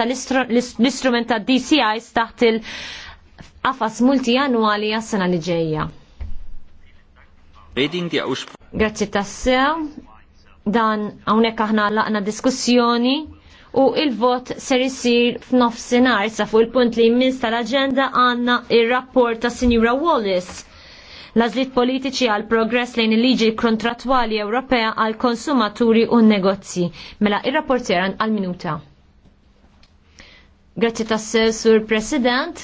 tal-istrument ta' DCI staħt il-qafas multijanwali għas-sena li ġejja. Grazzi tassew, dan hawnhekk aħna laqna diskussjoni u il-vot ser f'nof f'nofsinhar sa fuq il-punt li jmiss tal-aġenda għandna il rapport ta' Sinjura Wallis l politiċi għal progress lejn il-liġi kontratwali Ewropea għal konsumaturi u negozji. Mela ir-rapporter għal minuta. Grazzi tassew sur President.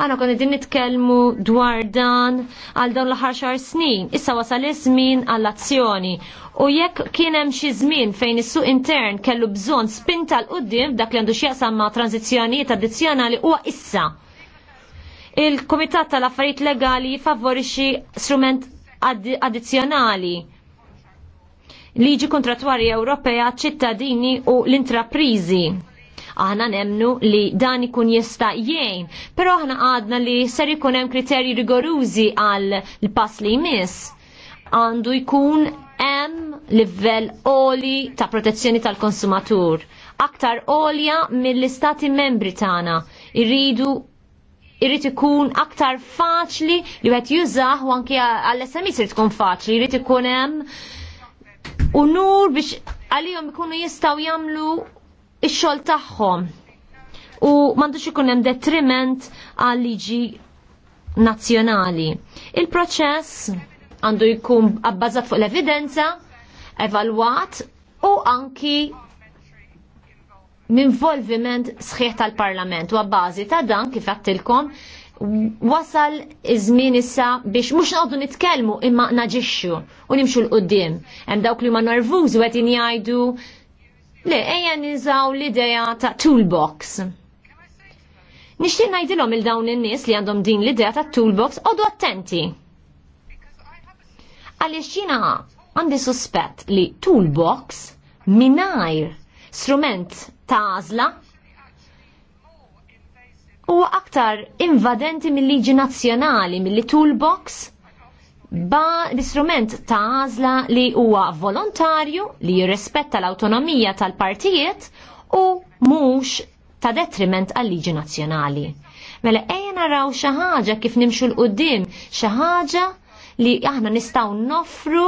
Għana kon din nitkellmu dwar dan għal dawn l-ħar xar snin. Issa wasal iż-żmien għall-azzjoni. U jekk kien hemm xi żmien fejn is-suq intern kellu bżonn spinta l qudiem dak li għandu x'jaqsam ma' tranzizzjonijiet addizzjonali huwa issa. Il-Kumitat tal-Affarijiet Legali jifavorixxi strument addizzjonali liġi kontratwarji Ewropea ċittadini u l-intraprizi. Aħna nemnu li dan ikun jista' jgħin, però aħna għadna li ser ikun hemm kriterji rigorużi għal pass li jmiss. Għandu jkun hemm livell oli ta' protezzjoni tal-konsumatur. Aktar olja mill-istati membri tagħna irridu irrit ikun aktar faċli li għet jużah u anki għall-SMS irrit ikun faċli, irrit ikun hemm unur biex għalijom ikunu jistaw jamlu ix-xogħol tagħhom u m'għandux ikun hemm detriment għal liġi nazzjonali. Il-proċess għandu jkun abbażat fuq l-evidenza, evalwat u anki minvolviment sħiħ tal-Parlament u għabbażi ta' dan kif għattilkom wasal iż-żmien issa biex mhux naħdu nitkellmu imma naġixxu u nimxu l qudiem Hemm dawk li huma nervużi qed jgħidu Le, eja nizaw l-ideja ta' toolbox. Nixtieq ngħidilhom il dawn in-nies li għandhom din l-idea ta' toolbox għodu attenti. Għaliex jiena għandi suspett li toolbox minajr strument ta' għażla huwa aktar invadenti mill-liġi nazzjonali, mill-toolbox ba l-istrument ta' għażla li huwa volontarju li jirrispetta l-awtonomija tal-partijiet u mhux ta' detriment għal-liġi nazzjonali. Mela ejja naraw xi ħaġa kif nimxu l-qudiem, xi ħaġa li aħna nistgħu noffru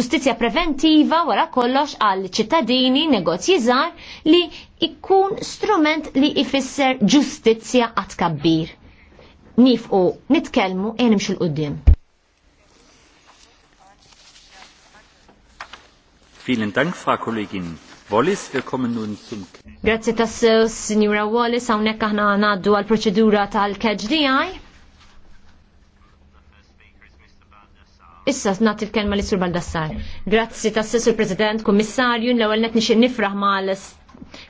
ġustizja preventiva wara kollox għal ċittadini negozji żgħar li ikun strument li ifisser ġustizzja għat kabbir. Nifqu, nitkelmu e nimxu l-qoddim. Vielen Dank, Frau Kollegin. Wallis, willkommen nun zum... Grazie tassew, Signora Wallis, għawnek aħna għanaddu għal-proċedura tal-KGDI. Issa, nat il-kelma li sur Baldassar. Grazzi tassew, Sur President, Kommissarju, l-ewel net nixin nifraħ ma'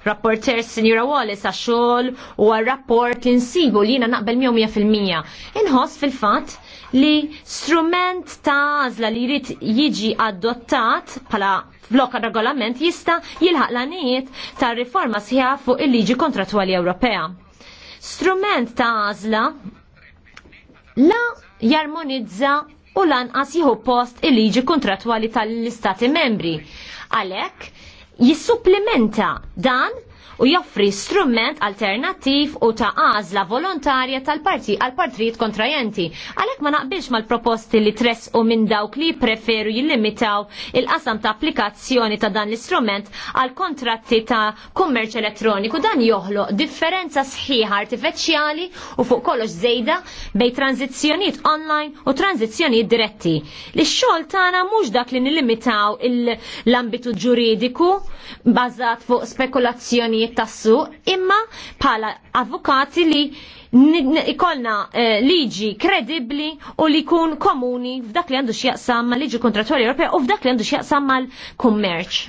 rapporter Signora Wallis għaxol u għal-rapport li nsibu li jina naqbel 100%. Inħoss fil-fat li strument ta' għazla li jrid jiġi adottat pala blokka regolament jista' jilħaq l-għanijiet ta' riforma sħiħa fuq il-liġi kontratwali Ewropea. Strument ta' għażla la jarmonizza u lanqas jieħu post il-liġi kontratwali tal-istati membri. Għalhekk jissupplimenta dan u joffri strument alternattiv u ta' għażla volontarja tal-parti għal partijiet kontrajenti. Għalhekk ma naqbilx mal-proposti li tress u minn dawk li preferu jillimitaw il-qasam ta' applikazzjoni ta' dan l-istrument għal kontratti ta' kummerċ elettroniku dan joħloq differenza sħiħa artifeċjali u fuq kollox żejda bej tranzizzjonijiet online u tranzizzjonijiet diretti. Li xol xogħol tagħna mhux dak li nillimitaw l-ambitu ġuridiku bażat fuq spekulazzjoni kwistjonijiet tas imma bħala avukati li ikolna eh, liġi kredibli u li jkun komuni f'dak li għandu x'jaqsam mal-liġi kontratwali Europea u f'dak li għandu x'jaqsam mal-kummerċ.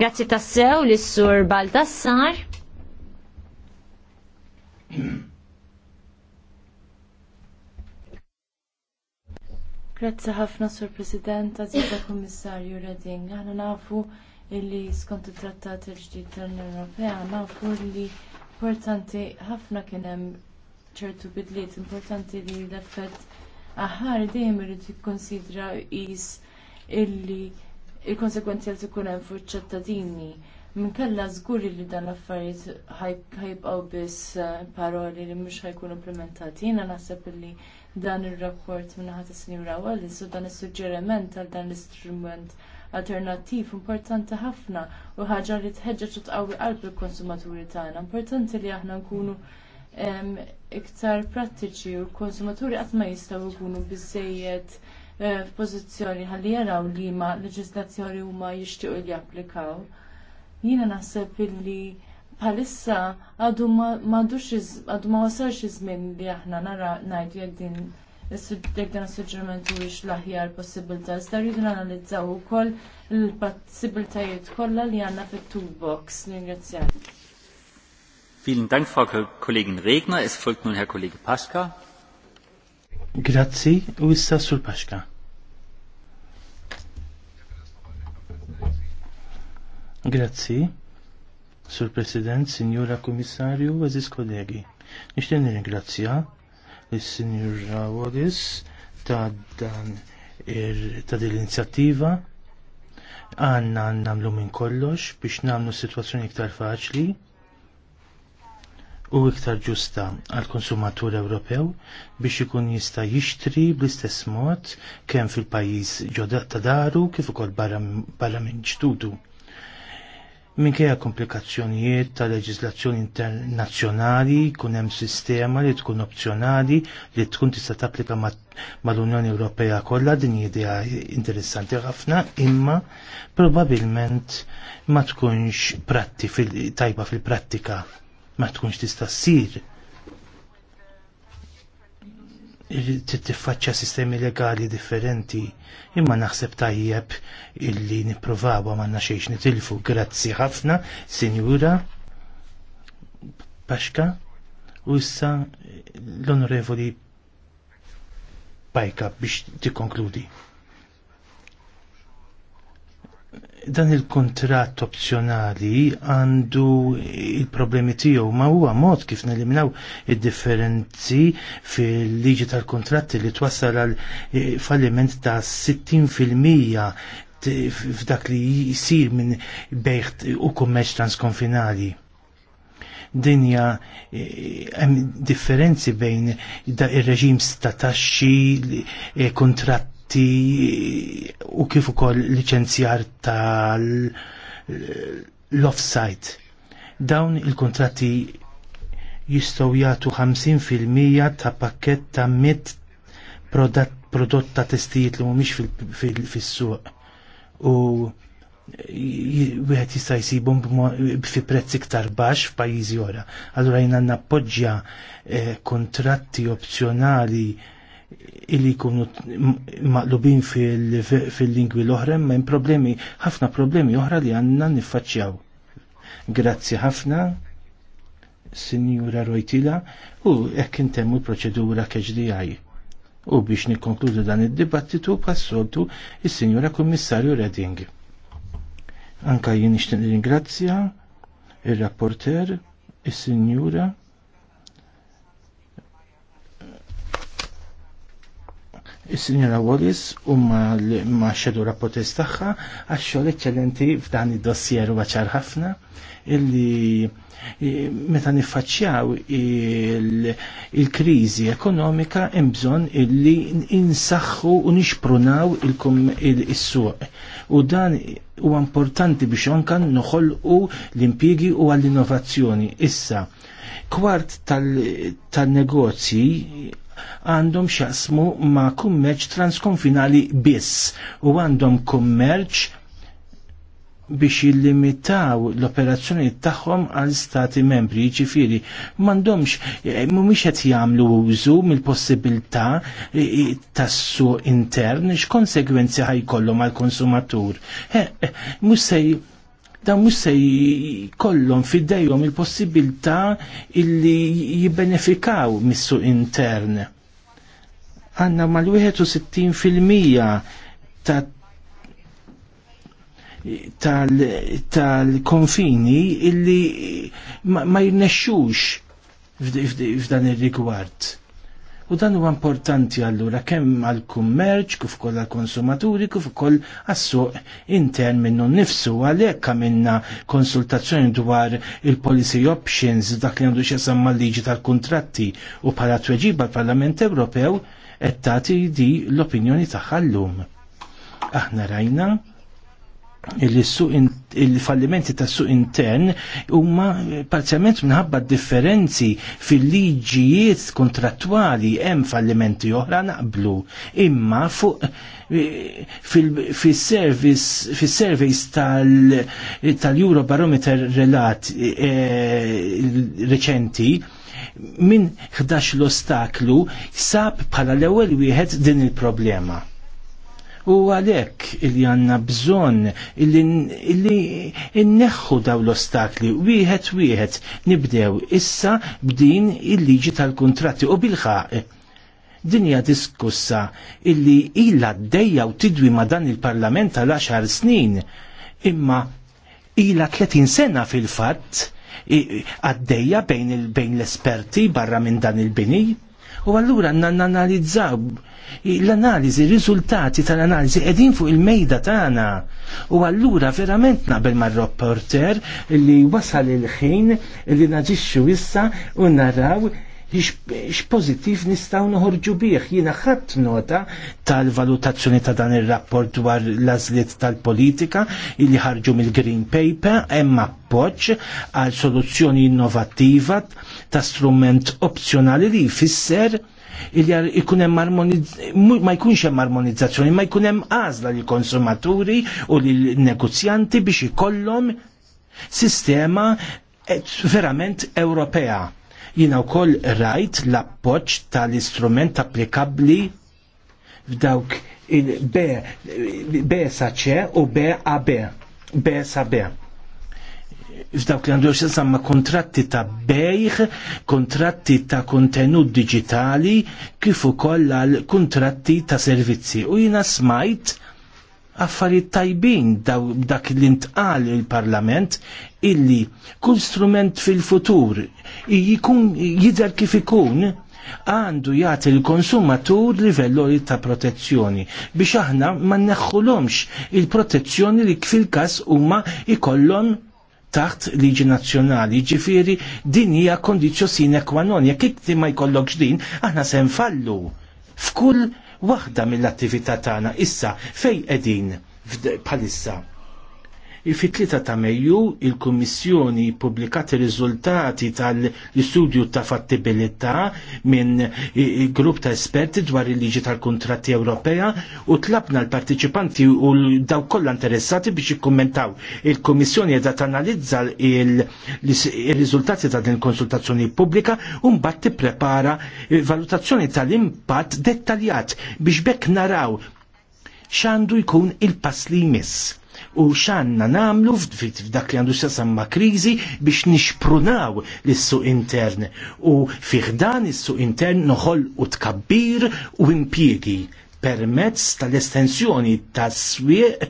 Grazzi tassew li sur Baltassar. Grazzi ħafna sur President, għazita Komissarju Redding. Għana nafu illi skont it-trattat il-ġdid tal-Unjoni Ewropea nafu li importanti ħafna kien hemm ċertu bidliet importanti li l-effett aħħar dejjem irid jikkonsidra qis illi il-konsekwenzi li tkun hemm fuq ċittadini Minkella żguri li dan l-affarijiet ħajbqgħu biss eh, paroli li mhux jkunu implementati. Jiena naħseb illi dan ir-rapport minn ħadd is-snin rawwel li dan is-suġġeriment għal dan l-istrument alternattiv importanti ħafna u ħaġa li tħeġġeġ u tqawwi qalb il-konsumaturi tagħna. Importanti li aħna nkunu iktar prattiċi u l-konsumaturi qatt ma jistgħu jkunu biżejjed eh, f'pożizzjoni ħalli jaraw li ma leġislazzjoni huma jixtiequ li japplikaw. Jiena naħseb illi bħalissa għadu ma wasalx iż-żmien li aħna nara ngħidu jekk din jekk dan is-suġġeriment huwiex l-aħjar possibilità. Iżda rridu nanalizzaw ukoll il-possibilitajiet kollha li għandna fit-toolbox. Ningrazzjak. Vielen Dank, Frau Kollegin Regner. Es folgt nun Herr Kollege Paschka. Grazzi, u issa sul Paschka. Grazzi, Sur President, Signora Commissario, Aziz Kollegi. Nishtenni ringrazzja il-Sinjur Rawodis ta' dan ta' din l-inizjattiva għanna namlu minn kollox biex namlu situazzjoni iktar faċli u iktar ġusta għal konsumatur Ewropew biex ikun jista' jixtri bl-istess mod kemm fil-pajjiż ġodda ta' daru kif ukoll barra minn ġdudu. Minkejja komplikazzjonijiet ta' leġislazzjoni internazzjonali jkun hemm sistema li tkun opzjonali li tkun tista' tapplika mal-Unjoni Ewropea kollha din idea interessanti ħafna imma probabbilment ma tkunx pratti fil tajba fil-prattika ma tkunx tista' ssir tiffaċċa sistemi legali differenti, imma naħseb tajjeb illi niprovaw ma naxiex nitilfu. Grazzi ħafna, Sinjura Paxka, u issa l-Onorevoli Pajka biex tikkonkludi dan il-kontrat opzjonali għandu il-problemi tiegħu ma huwa mod kif neliminaw id-differenzi fil-liġi tal-kontratti li twassal għal eh, falliment ta' 60% f'dak li jisir minn bejħt u kummerċ transkonfinali dinja eh, hemm differenzi bejn da ir-reġim ta' taxxi eh, kontrat kontratti u kif ukoll liċenzjar tal-offsite. Eh, Dawn il-kontratti jistgħu jagħtu 50% ta' pakkett ta' mit prodott ta' testijiet li mhumiex fis-suq. U wieħed jista' jsibhom fi prezz iktar baxx f'pajjiżi oħra. Allura jiena nappoġġja eh, kontratti opzjonali illi jkunu maqlubin fil-lingwi l-oħra, ma' problemi, ħafna problemi oħra li għanna niffaċċjaw. Grazzi ħafna, Sinjura Rojtila, u hekk intemmu l-proċedura għaj. U biex nikkonkludu dan id-dibattitu passoltu il sinjura Kummissarju Reding. Anka jien nixtieq ringrazzja il rapporter is-Sinjura Is-Sinjora Wallis u ma xedu potest tagħha għax-xogħol eċċellenti f'dan id-dossier huwa ċar ħafna illi meta niffaċċjaw il-kriżi ekonomika hemm bżonn illi insaħħu u nixprunaw il-suq. U dan huwa importanti biex onkan noħolqu l-impjiegi u għall-innovazzjoni. Issa, kwart tal-negozji għandhom xasmu ma' kummerċ transkonfinali biss u għandhom kummerċ biex jillimitaw l-operazzjoni tagħhom għal stati membri, ġifiri, m'għandhomx eh, mumiex qed jagħmlu użu mill-possibilità eh, eh, tas-suq intern x'konsegwenzi ħajkollhom għall-konsumatur. Mhux dan mhux se jkollhom fidejhom il-possibilità illi jibbenefikaw missu intern. Għandna mal-61 60 filmija ta' tal-konfini tal illi ma, ma jirnexxux f'dan ir-rigward U dan huwa importanti allura kemm għal kummerċ kif ukoll għal konsumaturi kif ukoll għas-suq intern minnu nnifsu għalhekk għamilna konsultazzjoni dwar il-policy options dak li għandu x'jasam liġi tal-kuntratti u bħala tweġib għall parlament Ewropew qed tagħti di l-opinjoni tagħha llum. Aħna rajna il-fallimenti ta' suq intern huma parzjalment minħabba differenzi fil-liġijiet kontrattwali hemm fallimenti oħra naqblu imma fuq eh, fil-service tal-Eurobarometer relat eh, reċenti minn 11 l-ostaklu sab bħala l-ewwel wieħed din il-problema U għalhekk illi għandna bżonn illi inneħħu daw l-ostakli wieħed wieħed nibdew issa b'din il-liġi tal-kuntratti u bil-ħaq dinja diskussa illi illa d-dejja u tidwi ma dan il-parlament tal-10 snin imma ilha 30 sena fil-fatt għaddejja bejn l-esperti barra minn dan il-bini u għallura nanalizzaw l-analiżi, riżultati tal-analiżi qegħdin fuq il-mejda tagħna. U allura verament nabel mar-rapporter li wasal il-ħin li naġixxu issa u naraw ix pozitif nistaw noħorġu bieħ. Jina ħadd nota tal-valutazzjoni ta' dan il-rapport dwar l-azliet tal-politika illi ħarġu mill-Green Paper hemm appoġġ għal soluzzjoni innovattiva ta' strument opzjonali li jfisser il ikun hemm ma jkunx hemm armonizzazzjoni, ma jkun hemm għażla lill konsumaturi u lill negozjanti biex ikollhom sistema eh, verament Ewropea. Jina wkoll rajt l-appoġġ tal-istrument applikabbli f'dawk il-B B sa u B A B. B sa B f'dawk li għandu samma kontratti ta' bejħ, kontratti ta' kontenut digitali, kif ukoll għal kontratti ta' servizzi. U jina smajt affarijiet tajbin dak li ntqal il-Parlament illi kull strument fil-futur jikun jidher kif ikun għandu jagħti l-konsumatur livelloli ta' protezzjoni biex aħna ma neħħulhomx il-protezzjoni li fil-każ huma ikollhom taħt liġi nazzjonali, ġifiri din hija kondizjo sine qua non, jekk ikti ma jkollokx din, aħna se nfallu f'kull waħda mill-attività tagħna issa fejn qegħdin bħalissa fit fitlita ta' Mejju il-Kummissjoni publikat ir-riżultati tal-istudju ta' fattibilità minn grupp ta' esperti dwar il-liġi tal-kontratti Ewropea u tlabna l-partiċipanti u daw kollha interessati biex jikkommentaw. Il-Kummissjoni qiegħda tanalizza il-riżultati ta' din konsultazzjoni pubblika u mbagħad tipprepara valutazzjoni tal-impatt dettaljat biex bekk naraw x'għandu jkun il-pass li jmiss u xanna namlu f'dak li għandu s-samma krizi biex nixprunaw l-suq intern u fiħdan is-suq intern noħol u tkabbir u impjiegi permezz tal-estensjoni tas-swieq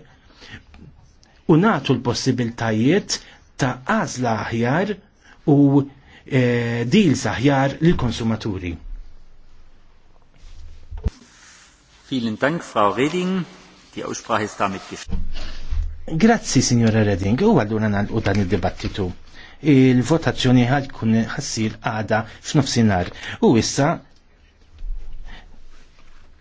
u natu l-possibiltajiet ta' għazla aħjar u e, deals aħjar l-konsumaturi. Vielen Dank, Frau Reding. Die Aussprache ist damit geschlossen. Grazzi, signora Redding. U għallura u dan il-dibattitu. Il-votazzjoni għal kun ħassir għada f'nofsinhar. U issa